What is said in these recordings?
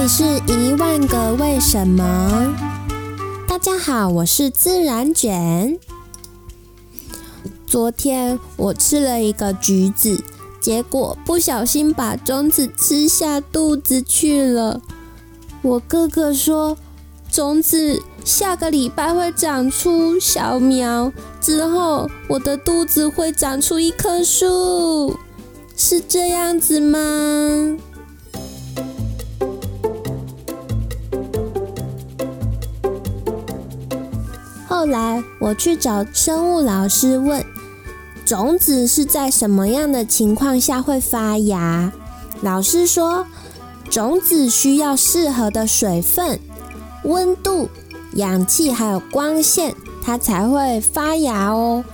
你是一萬個為什麼？大家好，我是自然捲。昨天我吃了一個橘子，結果不小心把種子吃下肚子去了。我哥哥說，種子下個禮拜會長出小苗，之後我的肚子會長出一棵樹。是這樣子嗎？後來我去找生物老師問，種子是在什麼樣的情況下會發芽？老師說，種子需要適合的水分、溫度、氧氣還有光線，它才會發芽哦。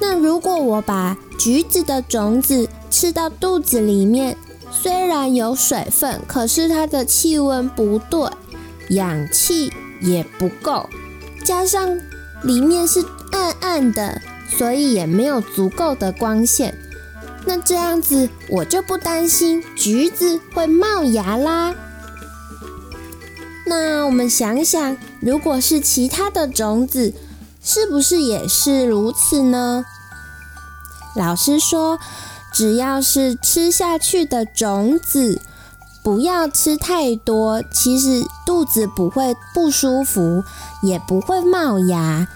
那如果我把橘子的種子吃到肚子裡面，雖然有水分，可是它的氣溫不對，氧氣也不夠。加上裡面是暗暗的，所以也沒有足夠的光線。那這樣子，我就不擔心橘子會冒芽啦。那我們想想，如果是其他的種子，是不是也是如此呢？老師說，只要是吃下去的種子，不要吃太多，其實肚子不會不舒服，也不會冒芽。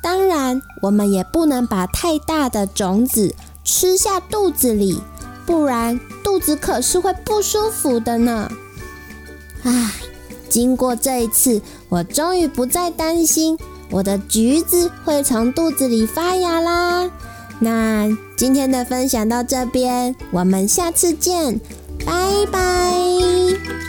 當然，我們也不能把太大的種子吃下肚子裡，不然肚子可是會不舒服的呢。唉，經過這一次，我終於不再擔心我的橘子會從肚子裡發芽啦。那今天的分享到這邊，我們下次見。拜拜。